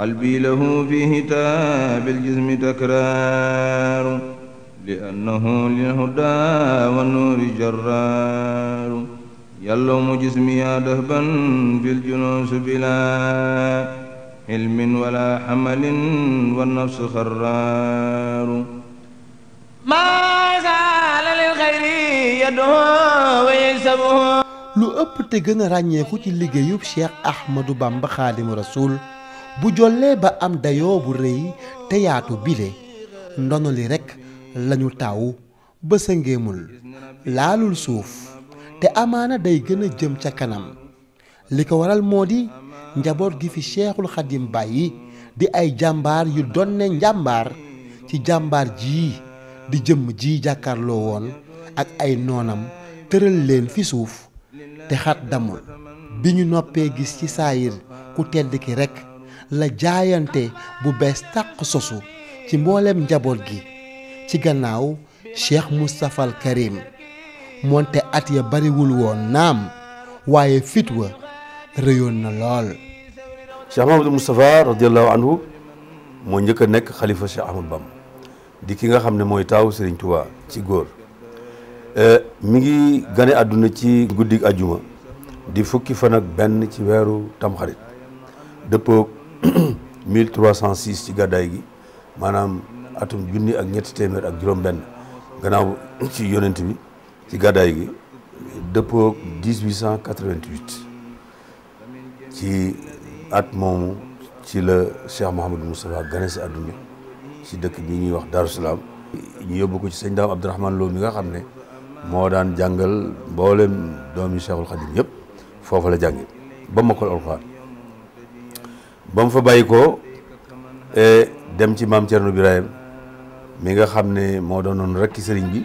قلبي له في هتاب الجسم تكرار لأنه للهدى والنور جرار يلوم جسمي دهبا في الجنوس بلا حلم ولا حمل والنفس خرار ما زال للخير يده ويكسبه لو ëpp te gën a ràññeeku ci liggéeyub Cheikh Ahmadou Bamba bu jollee ba am dayoo bu rëy te yaatu bile ndono li rekk lañu taw ba sa laalul suuf te amaana day gën a jëm ca kanam li ko waral moo di njaboot gi fi Seexul Xadim bàyyi di ay jàmbaar yu donne njàmbaar ci jàmbaar jii di jëmm ji jàkkaarloo woon ak ay noonam tëral leen fi suuf te xat damul bi ñu noppee gis ci saayir ku tedd ki rekk la jaayante bu bees tàq sosu ci mboolem njaboot gi ci gannaaw cheikh al Karim monte at ya bariwul woon naam waaye fit wa rëyoon na lool cheikh mahamadou mustapha radiallahu anhu moo njëkk nekk xalifa cheikh ahmad bam di ki nga xam ne mooy taaw sëriñ tuba ci góor e, mi ngi gane àdduna ci guddig ajuma di fukki fan ak benn ci weeru xarit dëppoog cent 1306 ci gàddaay gi maanaam atum junni ak ñetti téeméer ak juróom-benn gannaaw ci yonent bi ci gàddaay gi dëppoo 1888 ci at moomu ci la Cheikh Mouhamadou Moustapha gane si àdduna ci dëkk bi ñuy wax Darou Salaam ñu yóbbu ko ci sëñ Daam Abdourahmane Lo mi nga xam ne moo daan jàngal mboolem doomi Cheikhul Khadim yëpp foofu la jànge ba mokkal alxuraan bam fa bayiko ko dem ci mam Thierno ibrahim mi nga xamne mo do non rek ci serigne bi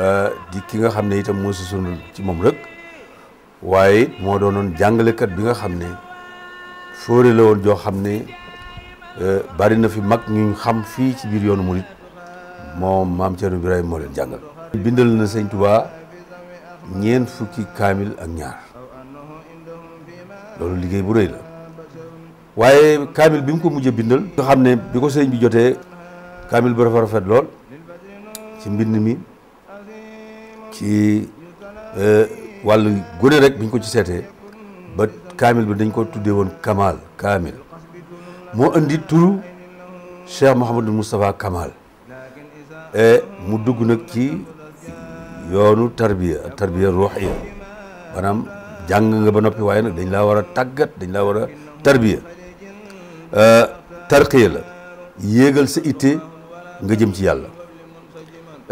euh di ki nga xamne itam mo susunul ci mom rek waye mo do non jangale kat bi nga xamne ne la won jo xamne euh bari na fi mag ñu xam fi ci bir yoonu mourid moom mam Thierno ibrahim mo leen jangal bindal na serigne Touba ñeen fukki kamil ak ñaar loolu liggey bu rëy la. waaye kaamil bi mu ko mujj bindal nga xam ne bi ko sëriñ bi jotee kaamil bu rafet rafet lool ci mbind mi ci e, wàllu gone rek biñ ko ci seetee ba kaamil bi dañ ko tuddee woon Kamal kaamil moo indi turu Cheikh Mouhamadou Moustapha Kamal e, mu dugg nag ci yoonu tarbiya tarbiya ruuxiya maanaam jàng nga ba noppi waaye nag dañ laa war a tàggat dañ laa war a tarbiya Euh, tarqiya la yéegal sa itte nga jëm ci yàlla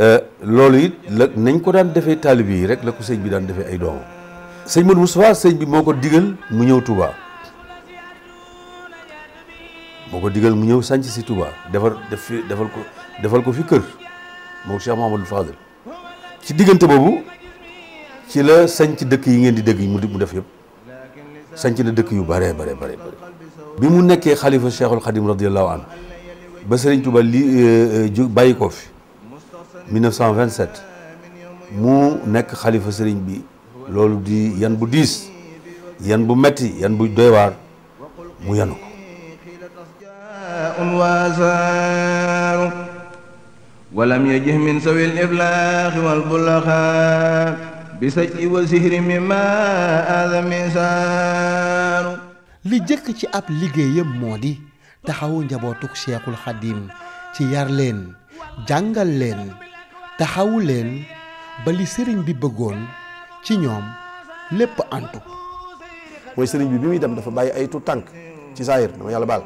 euh, loolu it la nañ ko daan defee taalib yi rek la ko sëñ bi daan defee ay doomam sëñ Modou Moustapha sëñ bi moo ko digal mu ñëw Touba moo ko digal mu ñëw sanc si Touba defar def defal ko defal ko fi kër moom Cheikh Mouhamadou Fadel ci diggante boobu ci la sànc dëkk yi ngeen di dégg mu def yëpp sànc na dëkk yu bare bare bare bare bi mu nekkee xalifa cheikhul xadim radiallahu anhu ba Serigne Touba lii ju bàyyi ko fi 1927 mu nekk xalifa Serigne bi loolu di yan bu diis yan bu metti yan bu doy waar mu yanu ko ولم يجه من سوي الإفلاخ والبلخاء بسجء وسهر مما آذى مسار li jëkk ci ab liggéeyam moo di taxawu njabootuk Cheikhul Xadim ci yar leen jàngal leen taxawu leen bali sëriñ bi bëggoon ci ñoom lépp antu mooy sëriñ bi bi muy dem dafa bàyyi ay tu tànk ci saayir dama yàlla baal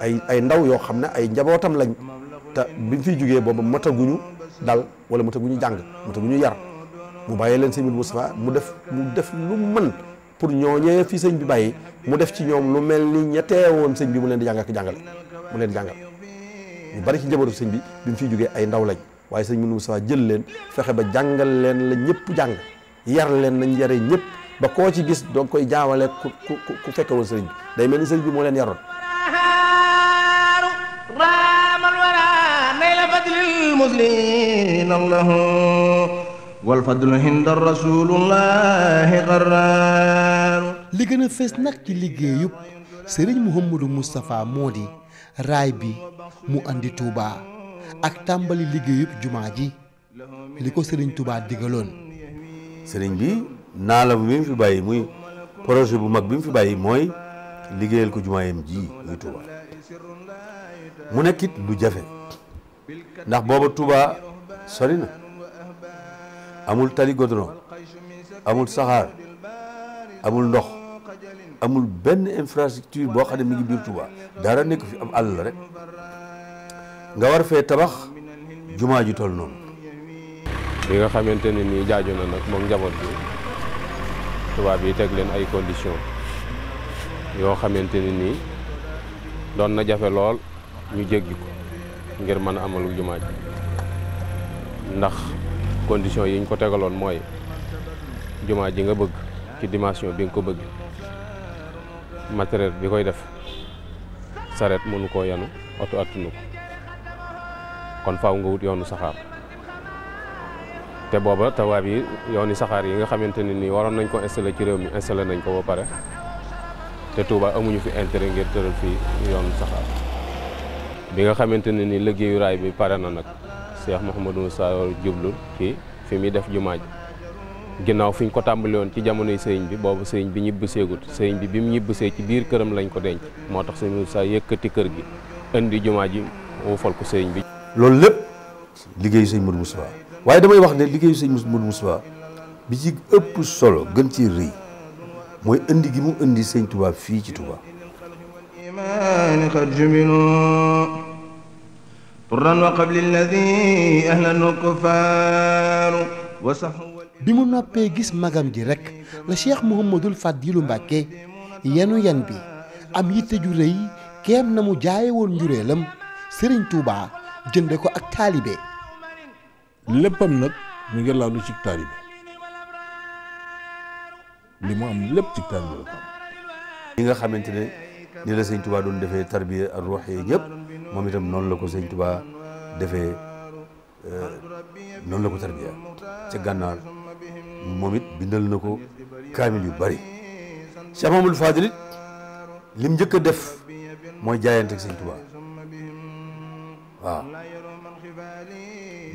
ay ay ndaw yoo xam ne ay njabootam lañ te bi mu fiy jógee boobu mataguñu dal wala mataguñu jàng mataguñu yar mu bàyyi leen sëriñ Moustapha mu def mu def lu mën pour ñooñee fi sëñ bi bàyyi mu def ci ñoom lu mel ni ñettee woon sëñ bi mu leen di jàngal ak jàngal mu leen jàngal ñu bari ci njabootu sëñ bi bi mu fiy jógee ay ndaw lañ waaye sëñ Mounou Moussa jël leen fexe ba jàngal leen la ñëpp jàng yar leen nañ yare ñëpp ba koo ci gis doog koy jaawale ku ku ku fekke woon sëñ bi day mel ni sëñ bi moo leen yaroon. raamal wara nay la fadlil muslimin allahu والفضل هند li gën a fees nag ci liggéeyub sëriñ Mouhamadou Moustapha moo di raay bi mu andi Touba ak tàmbali liggéeyub jumaa ji li ko sëriñ Touba digaloon. sëriñ bi naalam bi mu fi bàyyi muy projet bu mag bi mu fi bàyyi mooy liggéeyal ko jumaayam ji muy Touba mu nekkit lu jafe ndax booba Touba sori na. amul tali goudron amul saxaar amul ndox amul benn infrastructure boo xam ne mi ngi biir Touba dara nekk fi am àll rek nga war fee tabax jumaa ju toll noonu. li nga xamante ne nii na nag moom njaboot bi tubaab yi teg leen ay conditions yoo xamante ne nii na jafe lool ñu jéggi ngir mën a amalu jumaa ji ndax. condition yi ñu ko tégalon moy juma ji nga bëgg ci dimension bi nga ko bëgg matériel bi koy def saret mënu ko yanu auto atunu kon faaw nga wut yoonu saxar té booba tawab yi yooni saxar yi nga xamanteni ni waron nañ ko installer ci réew mi installer nañ ko ba pare té Touba amuñu fi intérêt ngir teural fi yoonu saxar bi nga xamanteni ni liggéeyu ray bi pare na nak Cheikh Mouhamadou Moussa jublu ci fi muy def jumaa ji ginnaaw fi ñu ko tàmbali woon ci jamonoy sëriñ bi boobu sëriñ bi ñibbu seegut sëriñ bi bi mu ñibbu see ci biir këram lañ ko denc moo tax sëriñ Moussa yëkkati kër gi indi jumaa ji wufal ko sëriñ bi. loolu lépp liggéeyu sëriñ Modou Moussa waaye damay wax ne liggéeyu sëriñ Modou Moussa bi ci ëpp solo gën ci rëy mooy indi gi mu indi sëriñ Touba fii ci Touba. طرا وقبل الذي اهل الكفار وسحوا بيمو نابي غيس ماغام دي رك لا شيخ محمد الفاديل مباكي يانو يانبي ام يتجو ري كيم نمو جاي وون جوريلم سيرن توبا جندكو اك طالبي لبم نك ميغي لالو سي طالبي لي مو ام لب سي طالبي ليغا خامتني ني لا سيرن توبا دون دفي تربيه الروحيه نيب moom itam noonu la ko sëñ Tuubaa defee noonu la ko tarbiya ca gànnaar moom it bindal na ko kaamil yu bari Cheikh Mamadou Fadil it lim njëkk a def mooy jaayante ak sëñ Tuubaa waaw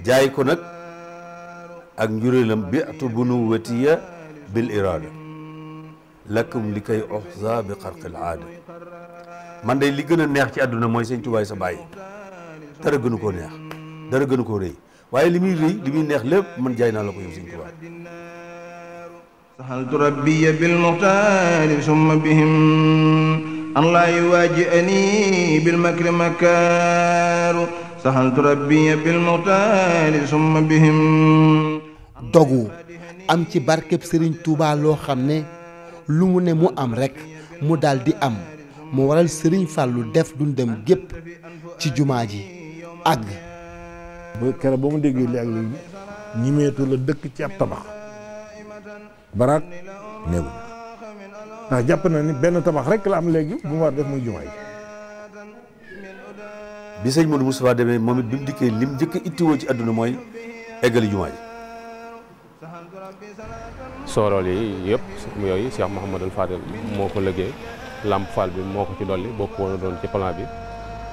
jaay ko nag ak njuréelam bi atu bunu watiya bil irada lakum li kay oxsa bi xarqil aada man day li gëna neex ci aduna moy señ touba sa baye dara gënu ko neex dara gënu ko reey waye limi reey limi neex lepp man jayna la ko yow señ touba sahal turabbi ya bil muqtal summa bihim an la yuwajani bil makr makar sahal turabbi ya bil muqtal summa bihim dogu am ci barkep señ touba lo xamne lu mu ne mu am rek mu daldi am moo waral sëriñ Fallou def dem gépp ci jumaa ji àgg. ba keroog ba mu déggee li ak léegi ñimeetu la dëkk ci ab tabax baraak néew ndax jàpp na ni benn tabax rek la am léegi bu mu war def muy jumaa ji. bi sëñ Modou Moustapha demee moom it bi mu dikkee lim njëkk a ittiwoo ci àdduna mooy eggali jumaa ji. soorool yi yëpp yooyu Cheikh Mouhamadul Fadel moo ko liggéey. Lamp Fall bi moo ko ci dolli bokk woon a doon ci plan bi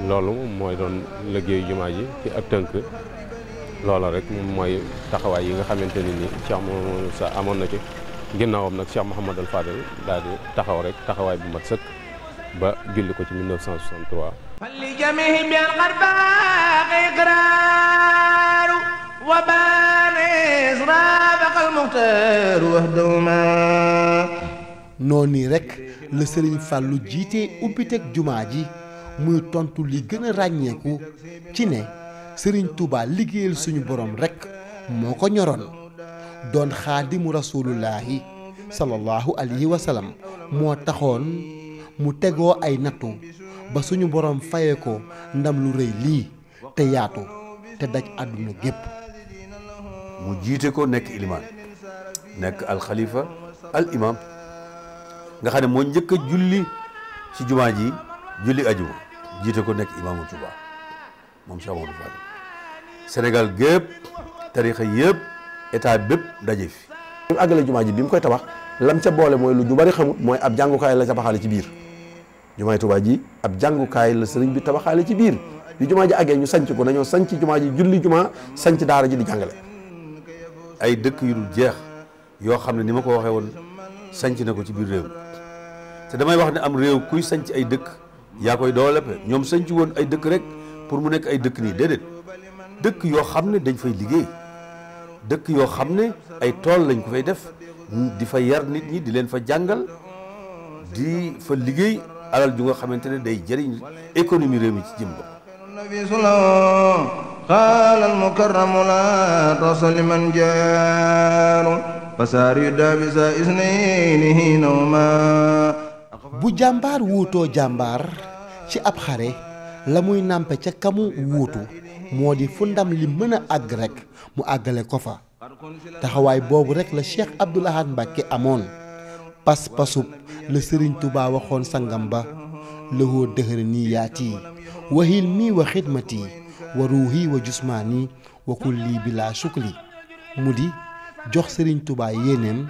loolu mooy doon liggéeyu jumaa ji ci ak tënk loola rek mooy taxawaay yi nga xamante ni nii Cheikh Mouhamadou sa amoon na ci ginnaawam nag Cheikh Mouhamadou Fadel daal di taxaw rek taxawaay bu mat sëkk ba julli ko ci 1963. noonu rek. la sëriñ fàllu jiitee ubbiteg jumaa ji muy tontu li gën a ràññeeku ci ne sëriñ Touba liggéeyal suñu borom rekk moo ko ñoroon doon xaadimu rasulullahi sallallahu alayhi wa sallam moo taxoon mu tegoo ay nattu ba suñu borom faye ko ndam lu réy lii te yaatu te daj àdduna gépp mu jiite ko nekk ilimaan nekk alxalifa al nga xam ne moo njëkk a julli ci jumaa ji julli ajuma jiite ko nekk imaamu Tuuba moom Cheikh Amadou Fall yëpp état bépp daje fi bi jumaa ji bi mu koy tabax lam ca boole mooy lu ñu bari xamul mooy ab jàngukaay la ca ci biir jumaay Tuuba ji ab jàngukaay la sëriñ bi tabaxaale ci biir bi jumaa ji àggee ñu sanc ko dañoo sanc ji julli jumaa sanc daara ji di jàngale dëkk yu jeex yoo xam ne ni ma ko waxee woon sanc na ko ci biir réew te damay wax ne am réew kuy sanc ay dëkk yaa koy développé ñoom sanc woon ay dëkk rek pour mu nekk ay dëkk nii déedéet dëkk yoo xam ne dañ fay liggéey dëkk yoo xam ne ay tool lañ ko fay def di fa yar nit ñi di leen fa jàngal di fa liggéey alal ju nga xamante ne day jëriñ économie réew mi ci jëm ba قال المكرم لا تصل من جار فسار يدابس إذنينه نوما bu jàmbaar wuutoo jàmbaar ci ab xare la muy nàmpe ca kamu wuutu moo di fu ndam li mën a àgg rek mu àggale ko fa taxawaay boobu rek la Cheikh Abdoul Ahad amoon pas-pasub la Sëriñ tubaa waxoon sangam ba lahoo dëxëra nii yaati wahil mii wa xidmati wa ruuhi wa jusmaani wa kulli bi laa sukli mu di jox Sëriñ tubaa yéeneem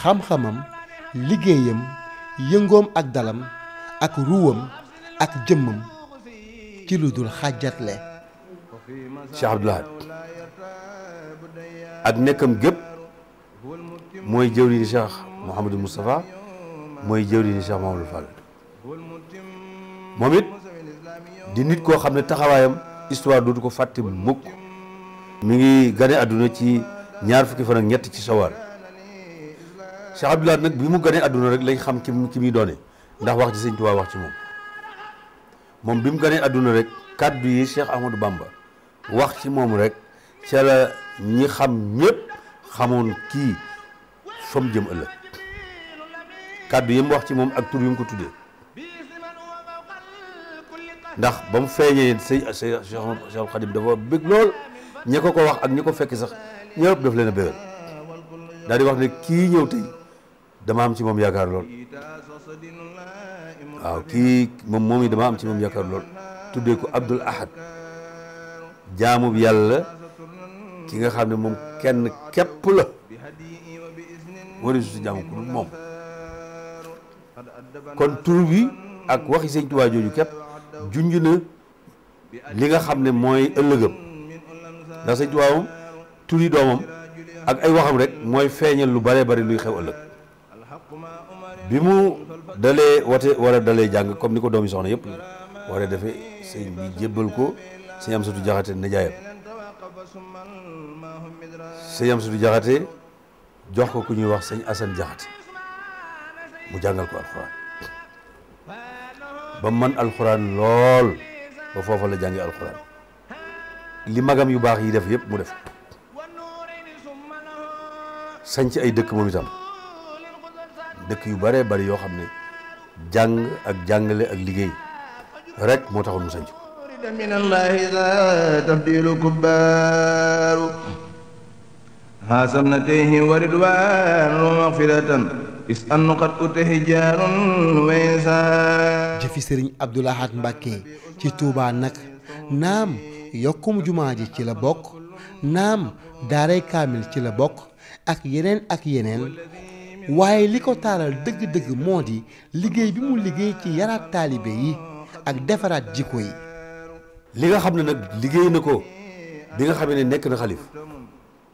xam-xamam liggéeyam yëngoom ak dalam ak ruwam ak jëmmam ci lu dul xàjjatle Cheikh Abdoul Ahad ak nekkam gépp mooy jëwriñu Cheikh Mouhamadou Moustapha mooy jëwriñu Cheikh Mouhamadou Fall moom it di nit koo xam ne taxawaayam histoire dootu ko fàtte mukk mu ngi gane àdduna ci ñaar fukki fan ñett ci sawaal Cheikh Abdoul Ahad nag bi mu gënee adduna rek lañ xam ki ki muy doone ndax wax ci sëñ Tuubaa wax ci moom moom bi mu gënee adduna rek kàddu yi Cheikh Ahmadou Bamba ci moom rek ca la ñi xam ñëpp xamoon kii fa mu jëm ëllëg kàddu yi mu wax ci moom ak tur yu mu ko tuddee ndax ba mu feeñee sëñ Cheikhul Khadim dafa bëgg lool ñi ko ko wax ak ñi ko fekk sax ñëpp daf leen a bégal daal wax ne kii ñëw tey dama am ci moom yaakaar lool waaw kii moom moom dama am ci moom yaakaar lool tuddee ko Abdul Ahad jaamub yàlla ki nga xam ne moom kenn képp la moom kon tur bi ak waxi sëñ Tuubaa jooju képp junj na li nga xam ne mooy ëllëgam ndax sëñ Tuubaa moom turi doomam ak ay waxam rek mooy feeñal lu bare bari luy xew ëllëg Bimu dale dalee wate war a dalee comme niko domi soxna yëpp wara a defee sëñ bi jébbal ko sëñ am sutu jaxate sëñ am sutu jaxate jox ko ku wax sëñ asan jaxate mu jangal ko alxuraan ba man alxuraan lool ba fofu la jàngi alxuraan li magam yu bax yi def yëpp mu def ci ay dëkk momi tam dëkk yu bëree bëri yoo xam ne jàng ak jàngale ak liggéey rek moo taxoon mu sanc minallahi la tabdilu kubbaaru hasamnatayhi is annu qad utahi jaarun jëfi sëriñ Abdou Lahad ci Touba nag naam yokkum jumaa ji ci la bokk naam daaray kaamil ci la bokk ak yeneen ak yeneen waaye li ko taaral dëgg-dëgg moo di liggéey bi mu liggéey ci yaraat taalibe yi ak defaraat jikko yi li nga xam ne nag liggéey na ko bi nga xam ne nekk na xalif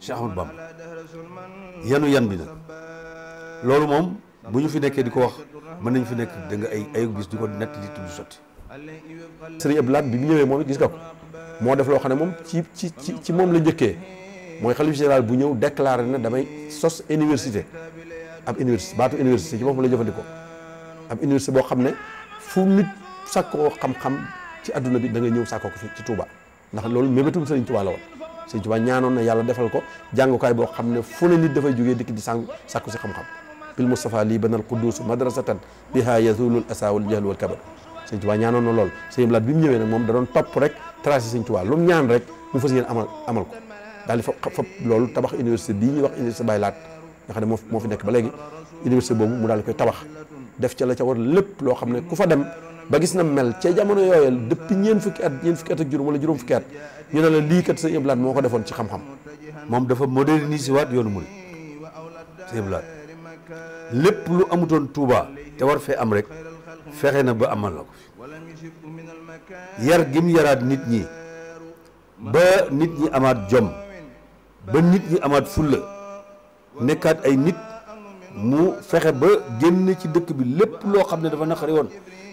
Cheikh Ahmadou Bamba yanu yan bi nag loolu moom bu ñu fi nekkee di ko wax mën nañ fi nekk da nga ay ay bis di ko nett li tudd sotti sëriñ Abdou bi mu ñëwee moom it gis nga ko moo def loo xam ne moom ci ci ci moom la njëkkee mooy xalif général bu ñëw déclaré na damay sos université ab université baatu université ci boppam la jëfandikoo ab université boo xam ne fu nit sàkkoo xam-xam ci adduna bi da nga ñëw sàkkoo ko fi ci Touba ndax loolu mébétum Serigne Touba la woon Serigne Touba ñaanoon na yàlla defal ko jàngukaay boo xam ne fu ne nit dafay jógee dikk di sàng sàkku si xam-xam bil Mustafa lii banal Qudus madrasatan biha yazulul asawul wal jahl wal kabar Serigne Touba ñaanoon na lool Serigne Blaat bi mu ñëwee nag moom da doon topp rek tracé Serigne Touba lu mu ñaan rek mu fas yéen amal amal ko daal di fa fa loolu tabax université bii ñuy wax université Baye Laat nga xam ne moo moo fi nekk ba léegi université boobu mu daal koy tabax def ca la ca war lépp loo xam ne ku fa dem ba gis na mel ca jamono yooya depuis ñeen fukki at ñeen fukki at ak juróom wala juróom fukki at ñu ne la lii kat sëñ Abdoulaye moo ko defoon ci xam-xam moom dafa moderniser waat yoonu murid sëñ Abdoulaye lépp lu amutoon Touba te war fee am rek fexe na ba amal la ko yar gim yaraat nit ñi ba nit ñi amaat jom ba nit ñi amaat fulla nekkat ay nit mu fexe ba génn ci dëkk bi lépp loo xam ne dafa naqari woon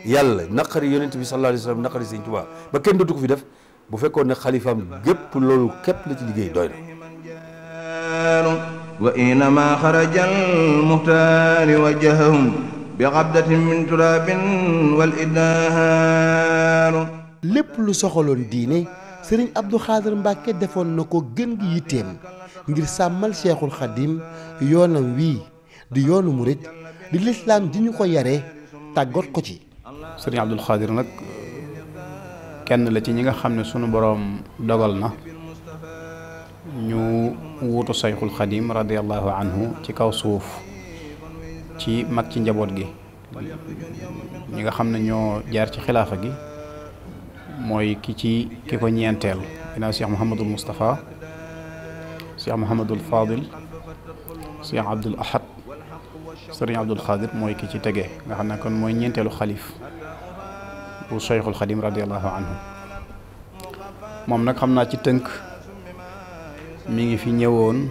yàlla naqari yonent bi sallallahu alayhi wasallam sallam naqari sëñ Tuubaa ba kenn dootu ko fi def bu fekkoon ne xalifaam gépp loolu képp la ci liggéey doy na wa inama xaraja almuxtaari wajahahum bi xabdatin min turaabin wal idhaaru lépp lu soxaloon diine sëriñ Abdou Khadre Mbacke defoon na ko gën gi yitteem ngir sàmmal Cheikhul Khadim yoonam wii di yoonu murit di lislaam di ñu ko yare tàggat ko ci. sëriñ Abdou Khadre nag kenn la ci ñi nga xam ne sunu boroom dogal na ñu wuutu Cheikhul Khadim radiyallahu anhu ci kaw suuf ci mag ci njaboot gi ñi nga xam ne ñoo jaar ci xilaafa gi. mooy ki ci ki ko ñeenteel ginnaaw Cheikh Mouhamadul Moustapha Cheikh Mouhamadul Fadil Cheikh Abdoul Ahad Serigne Abdoul Khadir mooy ki ci tege nga xam ne kon mooy ñeenteelu xalif bu Cheikhul Khadim radiallahu anhu moom nag xam naa ci tënk mi ngi fi ñëwoon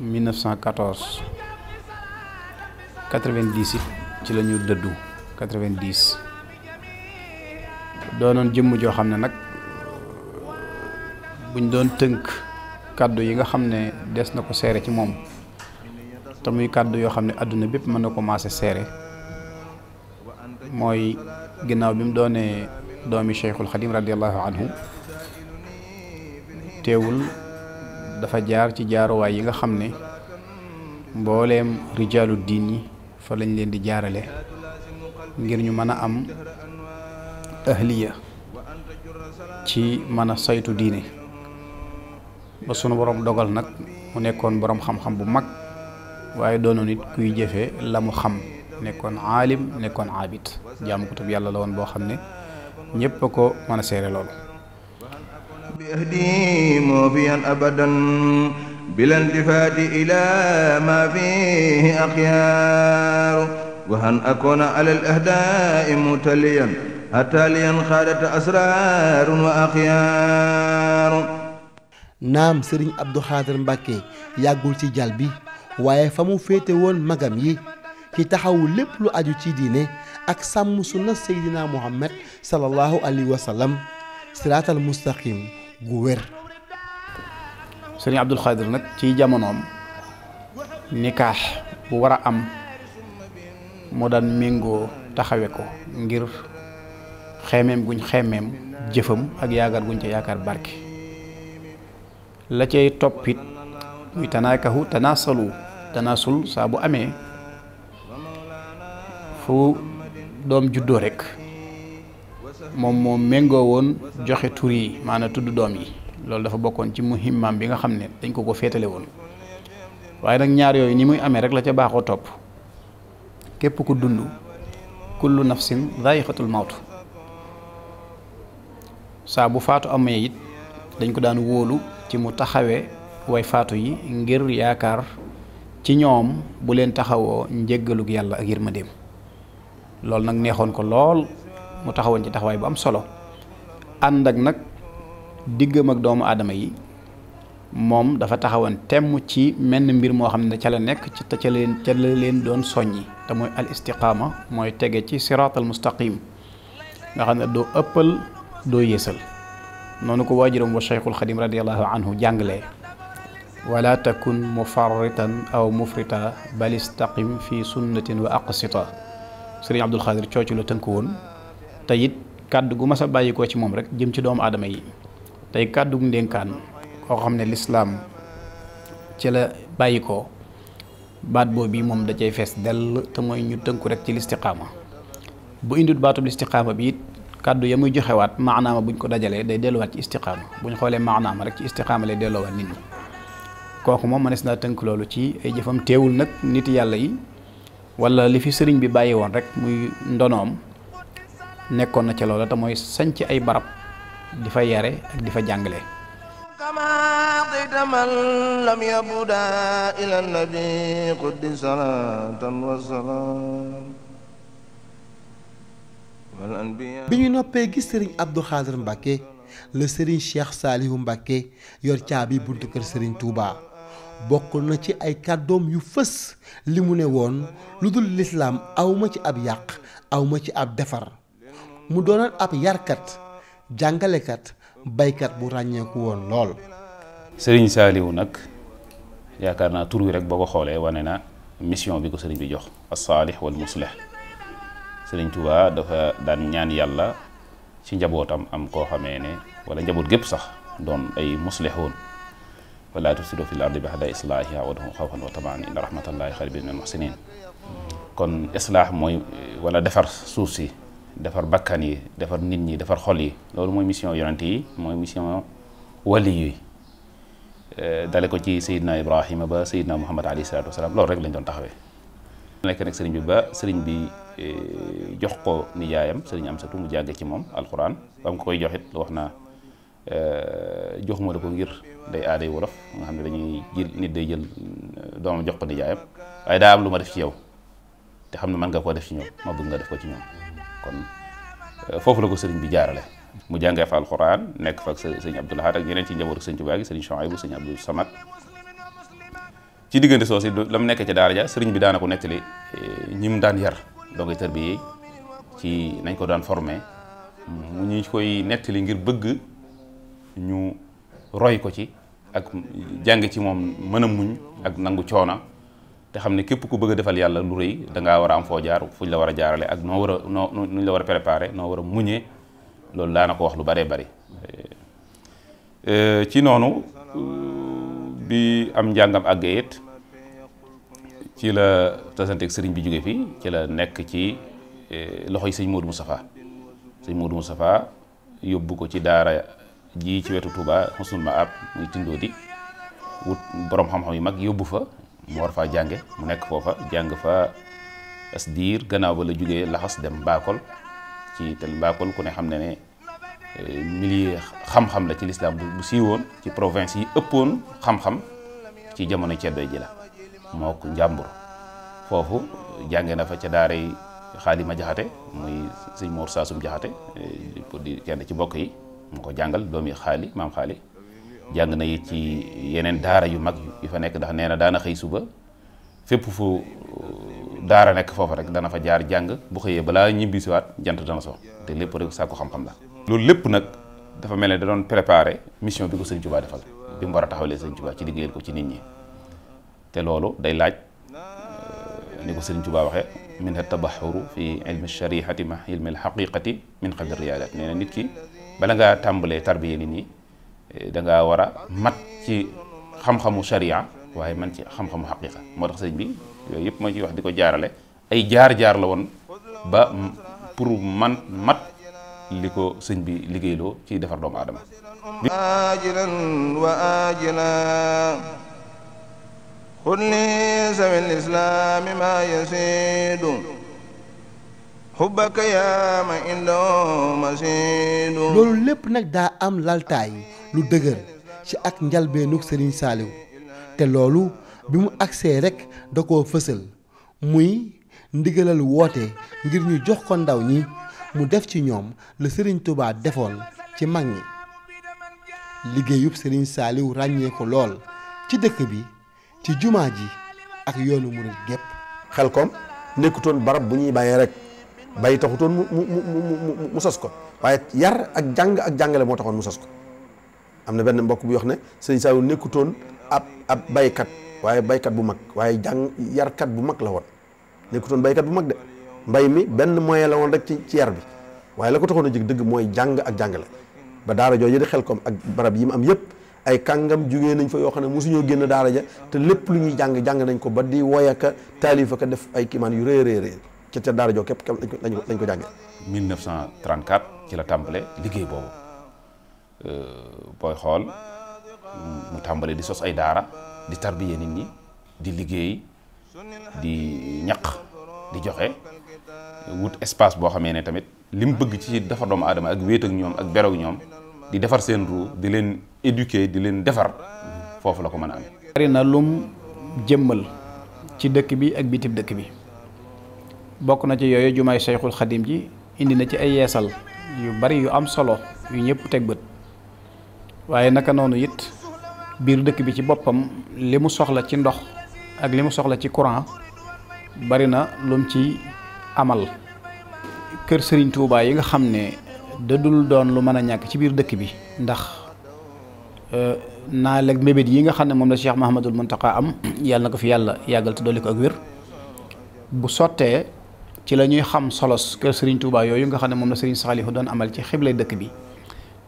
1914 90 ci la ñu dëddu 90 doonoon jëmm joo xam ne nag buñ doon tënk kàddu yi nga xam ne des na ko seere ci moom te muy kàddu yoo xam ne àdduna bépp mën na ko maase seere mooy ginnaaw bi mu doonee doomi Cheikhul Xadim radiallahu anhu teewul dafa jaar ci jaaruwaay yi nga xam ne mbooleem rijaalu diin yi fa lañ leen di jaarale ngir ñu mën a am أهلية تي مانا سايتو ديني بسونو بروم دوغال ناك مو نيكون بروم خام خام بو ماك واي دونو نيت كوي جيفه لامو خام نيكون عالم نيكون عابد جام كتب يالا لا وون بو خامني نيبكو مانا سيري لول بيهدي موفيا بلا انتفاع الى ما فيه اخيار وهن اكون على الاهداء متليا حتى لينخرط أسرار وأخيار naam sëriñ Abdou Khader Mbacke yàggul ci jal bi waaye fa mu féete woon magam yi ci taxawu lépp lu aju ci diine ak sàmm sunna seydina muhammad sallallahu alayhi wa sallam siraatal mustaqim gu wér sëriñ Abdou Khader nag ci jamonoom nikaax bu war a am moo daan méngoo taxawe ko ngir xeemeem guñ xeemeem jëfam ak yaakaar guñ ca yaakaar barke la cay toppit muy tanaakahu tanaasalu tanaasul saa bu amee fu doom juddoo rek moom moo méngoo woon joxe tur maana tudd doom yi loolu dafa bokkoon ci muhimmam bi nga xam ne dañ ko ko féetale woon waaye nag ñaar yooyu ni muy amee rek la ca baaxoo topp képp ku dund kullu nafsin dhaaiqatul mawt saa bu faatu amee it dañ ko daan wóolu ci mu taxawee way faatu yi ngir yaakaar ci ñoom bu leen taxawoo njëggalug yàlla ak yërmandeem loolu nag neexoon ko lool mu taxawoon ci taxawaay bu am solo ànd ak nag diggam ak doomu aadama yi moom dafa taxawoon temm ci menn mbir moo xam ne ca la nekk ci te ca leen ca la leen doon soññi te al istiqama mooy tege ci mustaqim nga xam ne doo doo yéesal noonu ko waajuram wa cheikhul xadim radiallahu anhu jàngalee wala takun mufarritan aw mufrita bal istaqim fi sunnatin wa aqsita sëriñ abdul xaadir cooci la tënk woon te it kàdd gu mas a bàyyikoo ci moom rek jëm ci doomu aadama yi tey kàddu gu koo xam ne lislaam ci la bàyyikoo baat boobu moom da fees dell te mooy ñu tënku rek ci listiqaama bu indut baatub listiqaama bi it kàddu ya muy joxewaat maanaama buñ ko dajalee day delluwaat ci istiqaama buñ xoolee maanaama rek ci istiqaama lay delloowaat nit ñi kooku moom mënees naa tënk loolu ci ay jëfam teewul nag nit yàlla yi wala li fi sëriñ bi bàyyi woon rek muy ndonoom nekkoon na ca loola te mooy sañc ay barab di fa yare ak di fa jàngale kama bi ñu noppee gis sëriñ Abdou Khadr mbakke la sëriñ Cheikh Salihu Mbacke yor caabi buntu kër sëriñ Touba bokkul na ci ay kàddoom yu fës li mu ne woon lu dul lislaam awma ci ab yàq awma ci ab defar mu doonoon ab yarkat jàngalekat baykat bu ràññeeku woon lool. sëriñ Salihu nag yaakaar naa tur wi rek boo ko xoolee wane na mission bi ko sëriñ bi jox as-saalih wal muslih serigne touba dafa dan ñaan yàlla ci njabotam am ko xamé ne wala njabot gep sax don ay muslihun wala tusidu fil ardi islahiha wa wad'uuhu khawfan wa tamaan inna rahmatallahi qariibun minal muhsinin kon islah moy wala defar suuf defar bakkan yi defar nit ñi defar xol yi lolu moy mission yonenti moy mission wali yi dale ko ci Seydina ibrahim ba Seydina Muhammad ali sallallahu wa wasallam lolu rek lañ doon taxawé nek nek serigne bi ba serigne bi. E, jox ko nijaayam sëriñ Amsatu mu jàgge ci moom alxuraan ba mu koy joxit lu wax na e, joxuma la ko ngir day aaday wolof nga xam ne dañuy jël nit day jël e, doomam jox ko nijaayam waaye daa am lu ma def ci yow te xam ne man nga koo def ci ñoom ma bëgg nga def ko ci ñoom kon foofu la ko sëriñ bi jaarale mu jàngee fa alxuraan nekk fa ak sëriñ Abdul Ahad ak ñeneen ci njaboot ak sëriñ Tuubaa gi sëriñ Chouaïbou sëriñ Abdou Samad ci diggante soosi la mu nekk ci daara ja bi daana ko nettali ñi mu daan yar dongay tarbiya ci nañ ko daan formé mu ñu koy nettali ngir bëgg ñu roy ko ci ak jàng ci moom mën a muñ ak nangu coona te xam ne képp ku bëgg defal yàlla lu rëy da ngaa war a am foo jaar fuñ la war a jaarale ak noo war a noo nuñ la war a préparé noo war a muñee loolu daana ko wax lu bëree bëri euh, ci noonu euh, bi am njàngam àggee it ci la ak serigne bi jóge fi ci la nek ci eh, loxoy serigne Modou Moustapha serigne Modou Moustapha yobbu ko ci daara ji ci wetu Touba mosul ma ab muy tindo di wut borom xam-xam yu mag yobbu fa mu war fa jange mu nek fofa jang fa asdir gannaaw ba la jógee lahas dem bakol ci tel bakol ku ne xam ne ne eh, milieu xam-xam la ci l'islam bu siwon ci province yi eppone xam-xam ci jamono ceddo ji la mook njàmbur foofu jànge na fa ca daara yi xaalima jaxate muy sëñ Mor Saasum jaxate eh, di kenn ci bokk yi mu ko jàngal doom doomi xaali maam xaali jàng na yi ci yeneen daara yu mag yu fa nekk ndax nee na daana xëy suba fépp fu eh, daara nekk foofu rek dana fa jaar jàng bu xëyee balaa ñibbisiwaat jant dana so te lépp rek sàkku xam-xam la loolu lépp nag dafa mel ne da doon préparé mission bi ko sëñ Tuubaa defal bi mu war a taxawalee sëñ Tuubaa ci liggéeyal ko ci nit ñi te loolu day laaj euh, ni ko Sëriñ Tuubaa waxee min a tabaxuru fi ilmi sharihati ma ilmi alxaqiqati min xabli riyadat nee na nit ki bala ngaa tàmbalee tarbiya nit ñi eh, da ngaa war a mat ci xam-xamu sharia waaye man ci xam-xamu xaqiqa moo tax sëñ bi yooyu yëpp ma ci wax di ko jaarale ay jaar-jaar la woon ba pour man mat li ko sëñ bi liggéeyloo ci defar doomu aadama wa ajilan wa ajila خذ لذوي الإسلام ما يزيد loolu lépp nag daa am laltaay lu dëgër ci ak njalbeenug Serigne Saliou te loolu bi mu agsee rekk da ko fësal muy ndigalal woote ngir ñu jox ko ndaw ñi mu def ci ñoom la Serigne tubaab defoon ci mag ñi liggéeyub Serigne Saliou ràññee lool ci dëkk bi ci jumaa ji ak yoonu murit gépp Xelkom nekkutoon barab bu ñuy bàyyee rek bàyyi taxutoon mu mu mu mu sos ko waaye yar ak jàng ak jàngale moo taxoon mu sos ko am na benn mbokk bu yox ne sëñ Saalu nekkutoon ab ab baykat waaye baykat bu mag waaye jàng yarkat bu mag la woon nekkutoon baykat bu mag de mbay mi benn moyen la woon rek ci ci yar bi waaye la ko taxoon a jig dëgg mooy jàng ak jàngale ba daara jooju di Xelkom ak barab yi mu am yëpp ay kangam jugé nañ fa yo xamné musu ñu génn daara ja té lepp lu ñuy jang jang nañ ko ba di woyaka talifa ka def ay kiman yu reere reere ci ca daara jo kep képp lañ ko lañ ko jangé 1934 ci la tambalé liggéey bobu euh boy xol mu tambalé di sos ay daara di tarbiyé nit ñi di liggéey di ñaq di joxé wut espace bo xamé né tamit lim bëgg ci dafa doom adam ak wéet ak ñoom ak beroog ñom di defar seen ruu di leen éduquer di leen defar foofu la ko mën a am. bari na lum jëmmal ci dëkk bi ak bitib dëkk bi bokk na ci yooyu jumay Cheikhul Xadim ji indi na ci ay yeesal yu bari yu am solo yu ñëpp teg bët waaye naka noonu it biir dëkk bi ci boppam li mu soxla ci ndox ak li mu soxla ci courant bari na lum ci amal kër sëriñ Touba yi nga xam ne. dadul doon lu mën a ñàkk ci biir dëkk bi ndax euh, naa leg mébét yi nga xam ne moom la Cheikh Mahamadul Muntaqa am yàlla na ko fi yàlla yàggal te dolli ko ak wér bu sottee ci la ñuy xam solos kër Serigne Touba yooyu nga xam ne moom la Serigne Saalihu doon amal ci xiblay dëkk bi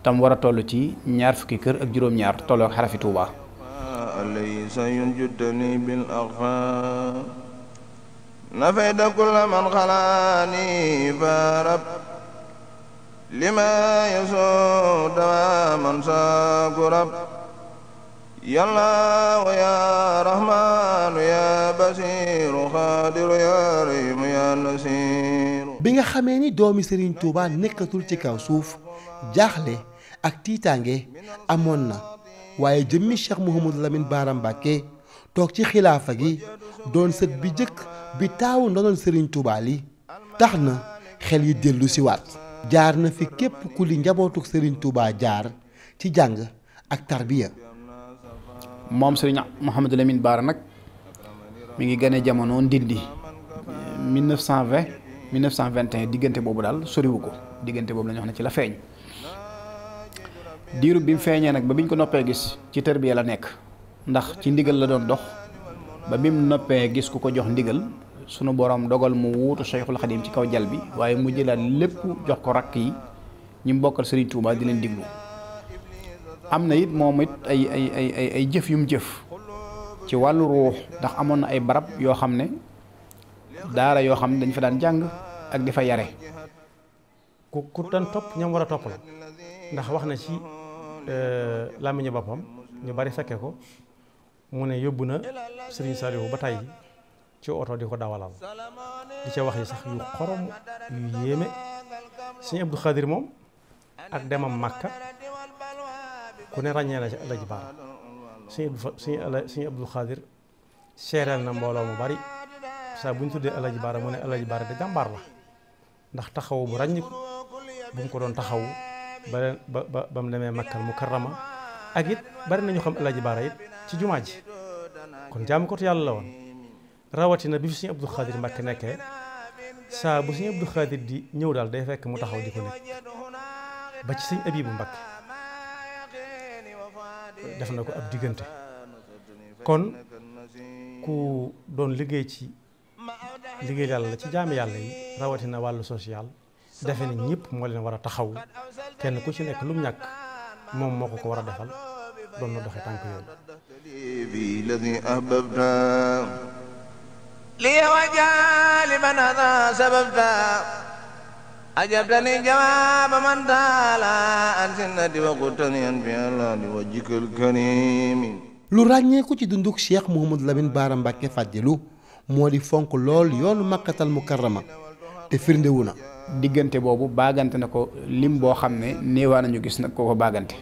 tam war a toll ci ñaar fukki kër ak juróom-ñaar tolloo xarafi Touba alaysa yunjudani bil aghfa nafayda kulla man rab لما يسود من شكر يا الله يا رحمن يا بصير قادر يا رحيم يا نصير bi nga xamee ni doomi Serigne Touba nekkatul ci kaw suuf jaaxle ak tiitaange amoon na waaye jëmmi Cheikh Mouhamadou Lamine Bara Mbacké toog ci xilaafa gi doon sët bi jëkk bi taawu ndonoon Serigne Touba li tax na xel yi dellu si waat jaar na fi képp ku li njabootuk Serigne Touba jaar ci jàng ak tarbiya moom Serigne Mouhamadou Lamine Bara nag mi ngi gane jamono Ndindi 1920 1921 diggante boobu daal soriwu ko diggante boobu la wax ne ci la feeñ diiru bi mu feeñee nag ba biñ ko noppee gis ci tarbiya la nekk ndax ci ndigal la doon dox ba bi mu gis ku ko jox ndigal sunu borom dogal mu wuutu Cheikhul Khadim ci kaw jal bi waaye mu jëlaat lépp jox ko rakk yi ñu mbokkal bokkal Serigne Touba di leen diglu am na it moom it ay ay ay ay ay jëf yu mu jëf ci wàllu ruux ndax amoon na ay barab yoo xam ne daara yoo xam ne dañ fa daan jàng ak di fa yare ku ku daan topp ñam war a topp la ndax wax na ci euh, làmmiñu boppam ñu bari fekke ko mu ne yóbbu na Serigne Saliou ba tàyyi ci auto di dawalal di ci wax yi ya, sax yu xorom yu iya, yeme seigne Abdou Khadir mom ak demam Makka ku ne ragne la ci Abdou Abdou Khadir seereel na mbolo mu bari sa buñ tuddé tuddee alaji bar mu ne alaji bar de jambar la ndax taxaw bu ragne bu ko don taxaw ba ba ak it bari nañu xam alaji bar it ci jumaaji kon ko rawatina bi fi suñu Abdou Khadir Mbàkke nekkee saa bu suñu Abdou Khadir di ñëw daal day fekk mu taxaw di ko nekk ba ci sëñ bu Mbàkke def na ko ab diggante kon ku doon liggéey ci liggéey yàlla la ci jaami yàlla yi rawatina wàllu social defe ne ñëpp moo leen war a taxaw kenn ku ci nekk lu mu ñàkk moom moo ko ko war a defal doon na doxe tànk yooyu لي وجال lu ràññeeku ci dunduk cheikh Mouhamadou Lamine Bara Mbacke Fadilu moo di fonk lool yoonu makkatal mukarrama te firndewu na. diggante boobu baagante na ko lim boo xam ne néewaa nañu gis nag koo ko baagante.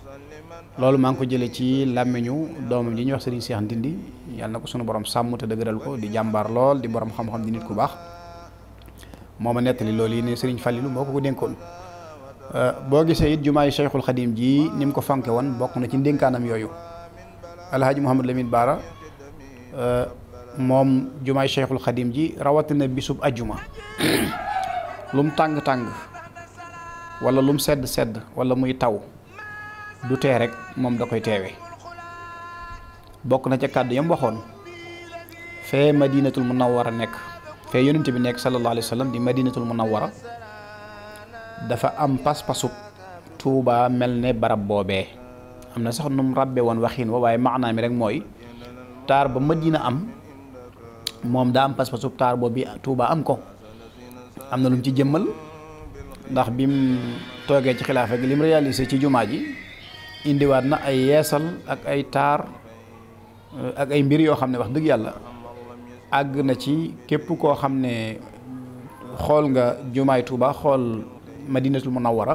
loolu maa ngi ko jëlee ci làmmiñu doomam ji ñuy wax sëriñ Seex Ndindi yàlla na ko sunu borom sàmm te dëgëral ko di jàmbaar lool di borom xam-xam di nit ku baax moo ma nettali loolu yi ne sëriñ Fallilou moo ko ko dénkoon. Euh, boo gisee it jumaa yi Cheikhul Xadim ji ni mu ko fanke woon bokk na ci ndénkaanam yooyu Alhaji Mouhamed Lamine Baara euh, moom jumaay Cheikhul Xadim ji rawatina bisub ajjuma lum tàng tàng wala lum sedd sedd wala muy taw. du tee rek moom da koy teewe bokk na ca kàddu yam waxoon fee madinatul a nekk fee yonent bi nekk sallallahu alayhi wa sallam di madinatul munawwara dafa am pas-pasub tuubaa mel ne barab boobee am na sax num ràbbe woon waxiin wa waaye maanaa mi rek mooy taar ba madina am moom daa am pas-pasub taar boobu tuubaa am ko am na lu ci jëmmal ndax bim toogee ci xilaafa gi lim réalisé ci jumaa ji indiwaat na ay yeesal ak ay taar euh, ak ay mbir yoo xam ne wax dëgg yàlla àgg na ci képp koo xam ne xool nga jumaay Touba xool madinatul munawwara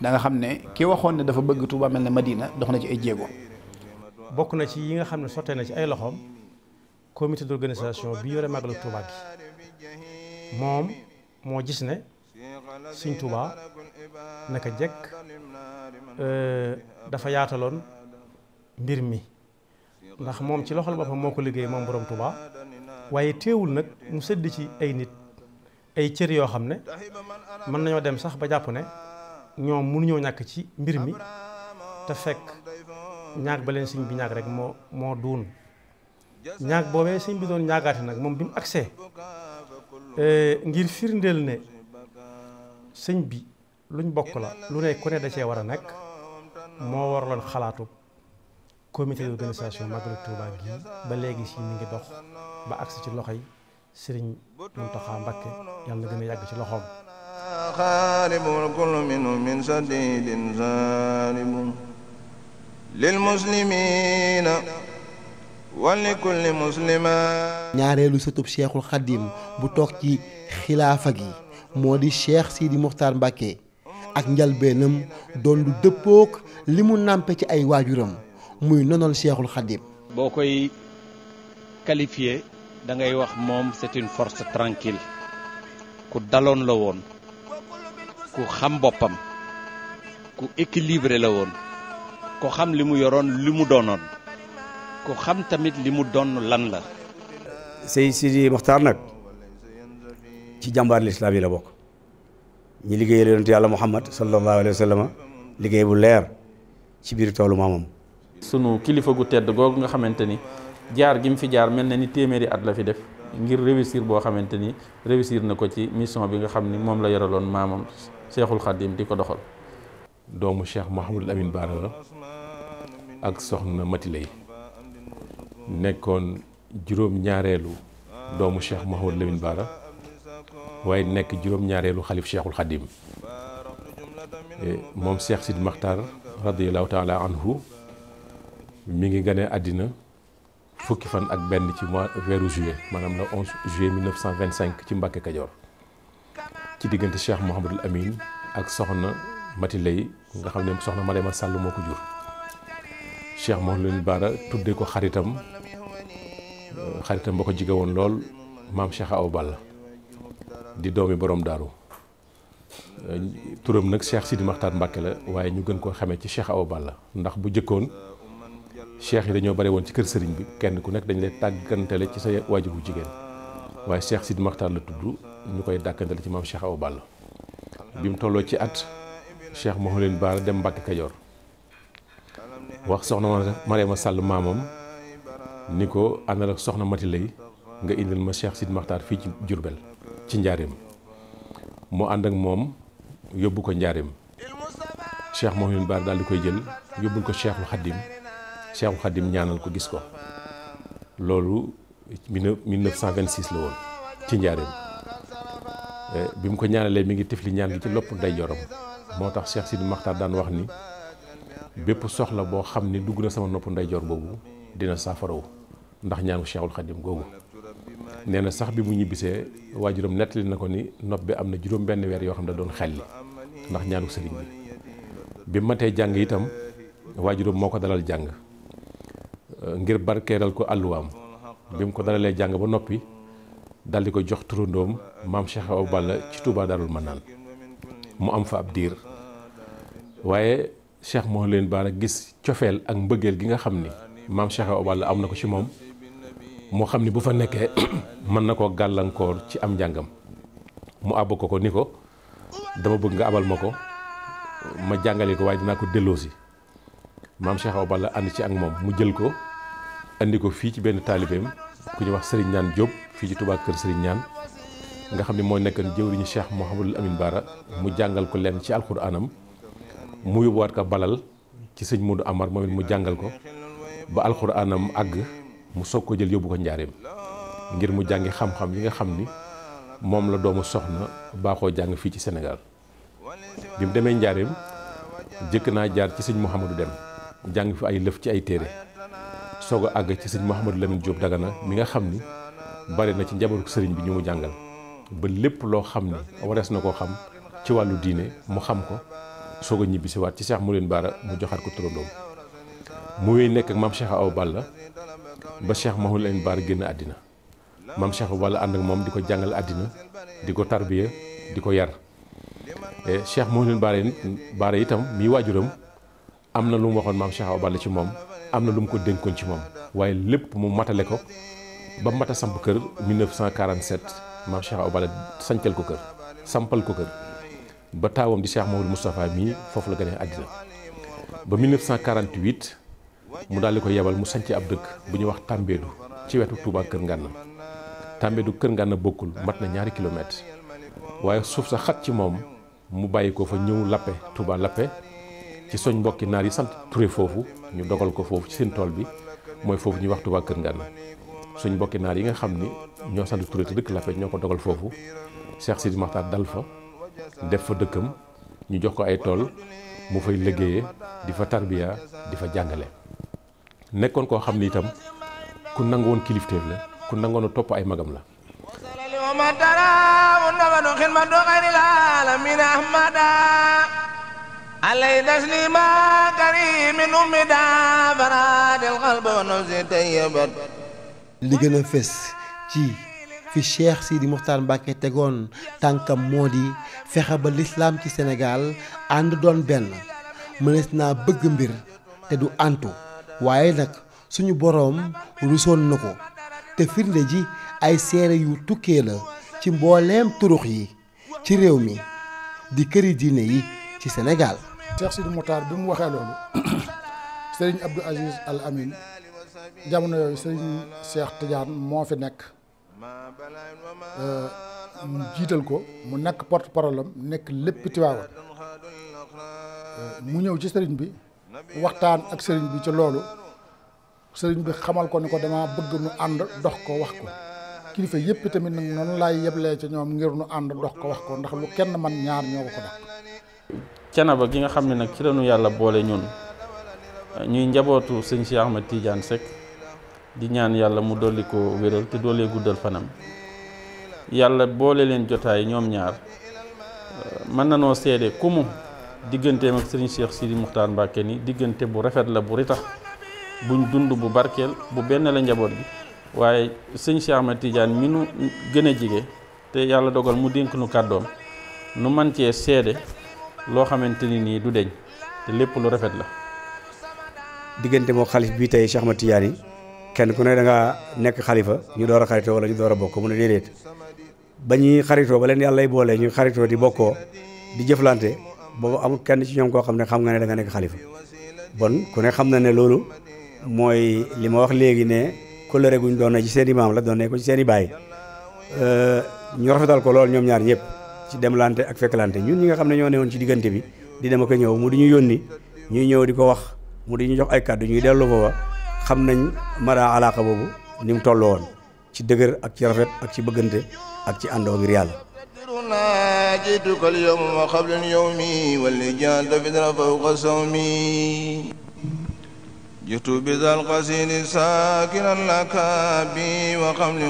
da danga xam ne ki waxoon ne dafa bëgg Touba mel ne Madina dox na ci ay jéego. bokk na ci yi nga xam ne sottee na ci ay loxoom comité d'organisation bi yore màggalu Touba gi moom moo gis ne. Sëñ Tuubaa naka jekk euh, dafa yaataloon mbir mi ndax moom ci loxol boppam moo ko liggéey moom boroom Tuubaa waaye teewul nag mu sëdd ci ay nit ay cër yoo xam ne mën nañoo dem sax ba jàpp ne ñoom mënuñoo ñàkk ci mbir mi te fekk ñaag ba leen sëñ bi ñaag rek moo moo duun ñaag boobee sëñ bi doon ñaagaate nag moom bi mu agsee euh, ngir firndeel ne sëñ bi luñ bokk la lu ne ku ne da cee war a nekk moo waraloon xalaatu comité d'organisation Màggalu Touba gi ba léegi si mi ngi dox ba agsi ci loxoy sëriñ Mountakha Mbacké yàlla na yàgg ci loxoom xaalibul kullu minhu min sadidin zalibun lil muslimina wa kulli muslima ñaareelu sëtub Cheikhul Khadim bu toog ci xilaafa gi moo di Cheikh Sidi Mokhtar Mbacké ak njalbeenam doon lu dëppook li mu nàmpe ci ay waajuram muy nonol Cheikhul Khadim boo koy qualifié da ngay wax moom c'est une force tranquille ku daloon la woon ku xam boppam ku équilibré la woon ku xam li mu yoroon li mu doonoon ku xam tamit li mu doon lan la Sey Sidi Mokhtar nag ci jambar l'islam yi la bok ñi liggéeyal yonent yàlla muhammad sallallahu alayhi wasallam liggéey bu leer ci biir tolu mamam sunu kilifa gu tedd gog nga xamanteni jaar gi mu fi jaar mel ni téméri at la fi def ngir réussir bo xamanteni réussir na ko ci mission bi nga xamni mom la yoralon mamam Cheikhul Khadim diko doxal doomu Cheikh Mahamadul Amin Baara la ak soxna matilay nekkon juróom ñaareelu doomu Cheikh Mahamadul Amin Baara waaye nekk juróom-ñaareelu xalif cheikhul xadim e, moom Cheikh Sidi Maxtar radiallahu taala anhu mi ngi gane àddina fukki fan ak benn ci mois weeru juillet maanaam la 11 juillet 1925 ci Mbàkke Kajoor ci diggante Cheikh Mouhamadul Amin ak soxna Mati Lay nga xam ne soxna Marema Sàll moo ko jur Cheikh Mouhamadul Baara tudde ko xaritam xaritam ba ko jige woon lool maam Cheikh Awa di doomi boroom daaru turam nag Cheikh Sidi Maxtaar Mbàkke la waaye ñu gën koo xamee ci Cheikh Awa Balla ndax bu jëkkoon cheikh yi dañoo bare woon ci kër sëriñ bi kenn ku nekk dañ lay tàggantale ci sa waajur jigéen waaye Cheikh Sidi Maxtaar la tudd ñu koy la ci maam Cheikh Awa Balla bi mu tolloo ci at Cheikh Mouhamadou Bara dem Mbàkke Kajoor wax soxna ma Sàll maamam ni ko àndal ak soxna Mati Lay nga indil ma Cheikh Sidi Maxtaar fii ci Jurbel ci njaarim mu ànd ak moom yóbbu ko njaarim cheikh Mouhine Baar daal di koy jël yóbbul ko cheikhul xaddim cheikhul xaddim ñaanal ko gis ko loolu 1926 la woon ci njaarim eh, bi mu ko ñaanalee mi ngi tifli ñaan gi ci lopp day jorom moo tax si Sidi Maxtaar daan wax ni bépp soxla boo xam ni dugg na sama nopp ndeyjoor boobu dina saafarawu ndax ñaanu cheikhul xaddim googu nee na sax bi mu ñibbisee waajuram nettali na ko ni nopp bi am na juróom benn weer yoo xam ne da doon xelli ndax ñaanu sëriñ bi bi matee jàng itam waajuram moo ko dalal jàng euh, ngir barkeeral ko àlluwaam bi mu ko dalalee jàng ba noppi dal di ko jox turandoom maam Cheikh Awa Balla ci Touba Darul Manaan mu am fa ab diir waaye Cheikh moo leen baara gis cofeel ak mbëggeel gi nga xam ni maam Cheikh Awa Balla am na ko ci moom moo xam ni bu fa nekkee mën na koo gàllankoor ci am njàngam mu àbb ko ko ni ko dama bëgg nga abal ma ko ma jàngale ko waaye dinaa ko delloosi maam Cheikh Awa Balla ànd ci ak moom mu jël ko andi ko fii ci benn taalibeem ku ñuy wax sëriñ Ñaan Diop fii ci Touba Kër Serigne Ñaan nga xam ne moo nekkoon jëwriñu Cheikh Mouhamadul Amin Baara mu jàngal ko lenn ci alxuraanam mu yóbbuwaat ko balal ci sëñ Modou Amar moom mu jàngal ko ba alxuraanam àgg. mu soog ko jël yóbbu ko njaareem ngir mu jàngi xam-xam yi nga xam ni moom la doomu soxna baaxoo jàng fii ci senegal bi mu demee njaareem jëkk naa jaar ci sëñ Mouhamadou Dem jàng fi ay lëf ci ay téere soog a àgg ci sëñ Mouhamadou Lamine Diop Dagana mi nga xam ni bari na ci njabootu sëriñ bi ñu mu jàngal ba lépp loo xam ni warees na koo xam ci wàllu diine mu xam ko soog a ñibbisiwaat ci Cheikh Mouline Bara mu joxaat ko turandoom mu wéy nekk ak maam Cheikh Awa Balla ba cheikh mahul ayn baar génn àddina maam cheikh wala ànd ak moom di ko jàngal àddina di ko tarbiya di ko yar e cheikh mahul ayn baare baare itam mii waajuram am na lu mu waxoon maam cheikh awa ci moom am na lu mu ko dénkoon ci moom waaye lépp mu matale ko ba mata samp kër 1947 maam cheikh awa balla sancal ko kër sampal ko kër ba taawam di cheikh mahul moustapha mii foofu la gane àddina ba mu dal di ko yebal mu sanc ab deug bu ñuy wax tambedu ci wetu Touba keur ngann tambedu keur ngann bokul mat na ñaari kilomètre waye suuf sa xat ci mom mu bayiko fa ñew lappé Touba lappé ci soñ mbokki naar yi sant Touré fofu ñu dogal ko fofu ci seen tol bi moy fofu ñu wax Touba keur ngann suñ mbokki naar yi nga xamni ño sant Touré te dëkk lappe ñoo dogal fofu Cheikh Sidi Makhtar dal fa def fa dëkkam ñu jox ko ay tol mu fay di fa tarbiya di fa nekkoon koo xam ni itam ku nangu woon kilifteef la ku nangoon a topp ay magam la علي دسني ما كريم أمي دابرات القلب ونفسي طيبت li gën a fës ci fi Cheikh Sidi Mokhtar Mbacké tegoon tànkam moo di fexe ba lislaam ci senegaal ànd doon benn mënees naa bëgg mbir te du antu waaye nag suñu borom rusoon na ko te firnde ji ay seere yu tukkee la ci mbooleem turux yi ci réew mi di këri diine yi ci Sénégal Cheikh Moutar bi mu Serigne Abdou Aziz Al Amin jamono Serigne Cheikh Tidiane fi euh, ko mu porte waxtaan ak sëriñ bi ci loolu sëriñ bi xamal ko ni ko dama bëgg nu ànd dox ko wax ko kilifa yëpp tamit nag noonu laay yeblee ci ñoom ngir nu ànd dox ko wax ko ndax lu kenn man ñaar ñoo ko ko dàq gi nga xam ne nag ci lañu yàlla boole ñun ñuy njabootu sëñ Cheikh Ahmed Tidiane Seck di ñaan yàlla mu dolli ko wéral te doolee guddal fanam yàlla boole leen jotaay ñoom ñaar mën na noo seede kumu digganteem ak sëriñ Cheikh Sidi Muxtaar Mbàkke ni diggante bu rafet la bu ritax buñ dund bu barkeel bu benn la njaboot bi waaye sëñ Cheikh ma Tidiane mi nu gën a jige te yàlla dogal mu dénk nu kàddoom nu man cee seede loo xamante ni nii du deñ te lépp lu rafet la diggante moo xalif bii tey Cheikh ma Tidiane yi kenn ku ne da nga nekk xalifa ñu door a xaritoo wala ñu door a bokk mu ne déedéet ba ñuy xaritoo ba leen yàlla lay boolee ñu xaritoo di bokkoo di jëflante boobu amul kenn ci ñoom koo xam ne xam nga ne da nga nekk xalifa bon ku ne xam na ne loolu mooy li ma wax léegi ne kóllëre guñ doon na ci seen i maam la doon ne ko ci seen i baay euh, ñu rafetal ko lool ñoom ñaar ñëpp ci demlante ak fekklante ñun ñi nga xam ne ñoo newoon ci diggante bi di dem ak a ñëw mu di ñu yónni ñuy ñëw di ko wax mu di ñu jox ay kàddu ñuy dellu foofa xam nañ mara alaaka boobu ni mu toll woon ci dëgër ak ci rafet ak ci bëggante ak ci àndoo ngir جئتك اليوم وقبل اليوم والإجالة فترة فوق صومي جئت بذا القصير ساكنا لك بي وقبل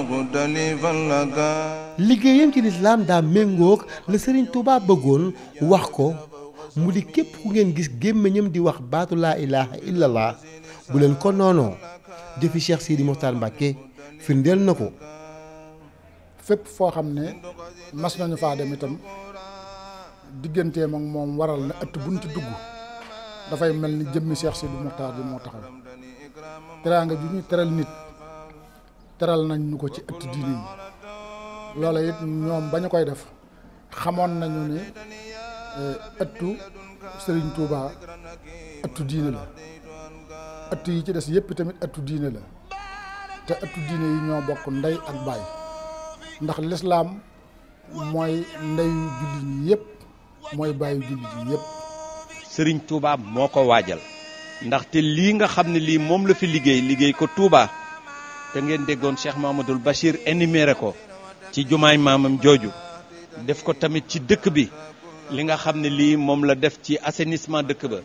liggéeyam ci lislaam daa méngoog la Sëriñ Tuubaa bëggoon wax ko mu di képp ku ngeen gis gémmiñam di wax baatu laa ilaaha illallah bu leen ko noonoo jëfi Cheikh Sidi Mokhtar Mbacke firndeel na ko fépp foo xam ne mas nañu faa dem itam digganteem ak moom waral na ëtt buñ ci dugg dafay mel ni jëmmi Cheikh Sidi Mokhtar bi moo taxaw teraanga ju ñu teral nit teral nañ ñu ko ci ëtt diine yi loola it ñoom ba ñu koy def xamoon nañu ni eh, ëttu Serigne Touba ëttu diine la ëtt yi ci des yëpp tamit ëttu diine la te ëttu diine yi ñoo bokk ndey ak baay. ndax lislaam mooy ndeyu julli ñi yëpp mooy bàyyi julli ñi yëpp sëriñ Touba moo ko waajal ndaxte lii nga xam ne lii moom la fi liggéey liggéey ko Touba te ngeen déggoon Cheikh Mamadou Bachir énuméré ko ci jumaay maamam jooju def ko tamit ci dëkk bi li nga xam ne lii moom la def ci assainissement dëkk ba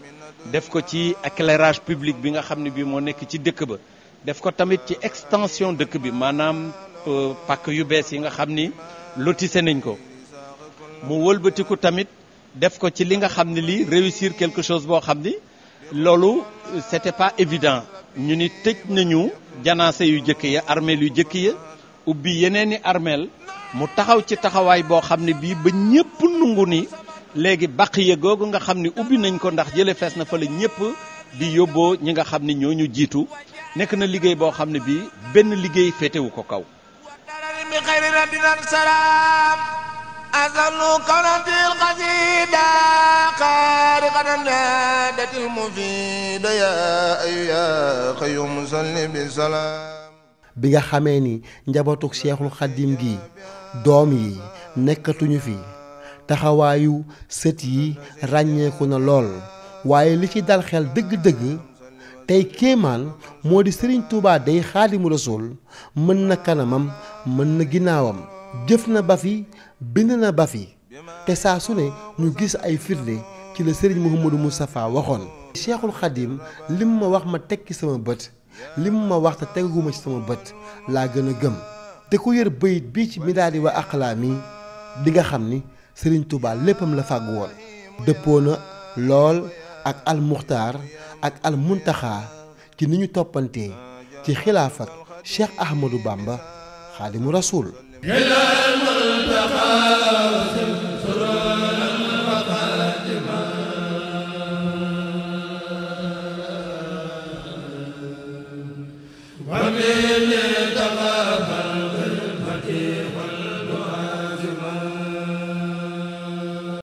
def ko ci éclairage public bi nga xam ne bii moo nekk ci dëkk ba def ko tamit ci extension dëkk bi maanaam Euh, pàkk yu bees yi nga xam ni lotissé nañ ko mu wëlbatiku tamit def ko ci li nga xam ne lii réussir quelque chose boo xam ni loolu euh, c'était pas évident ñu ni tëj nañu janaase yu jëkk ya armeel yu jëkk ya ubbi yeneeni armeel mu taxaw ci taxawaay boo xam ne bii ba ñëpp nungu ni léegi baq ya googu nga xam ne ubbi nañ ko ndax jële fees na fa la ñëpp di yóbboo ñi nga xam ne ñooñu jiitu nekk na liggéey boo xam ne bii benn liggéey féetewu ko kaw bi xayri raddin salaam asallu kawnan fil qasida xaariqatan naadatil ya ayu ya qayyum salli bi salaam bi nga xamee ni njabootuk Seexul Xaddim gi doom yi nekkatuñu fi taxawaayu sët yi ràññeeku na lool waaye li ci dal xel dëgg-dëgg tey kéemaan moo di sëriñ Touba day xaadimu rasul mën na kanamam mën na ginnaawam jëf na ba fi bind na ba fi te saa su ne ñu gis ay firnde ci la sëriñ Mouhamadou Moustapha waxoon Cheikhul Khadim lim ma wax ma tekki sama bët lim ma wax te teguma ci sama bët laa gën a gëm te ku yër bayit bii ci midaadi wa aqlaam yi di nga xam ni sëriñ Touba léppam la fàgg woon dëppoo na lool ak al muhtar ak al muntaxaa ci niñu topante ci xilaaf ak cheikh ahmadou bamba xaadimu rasuul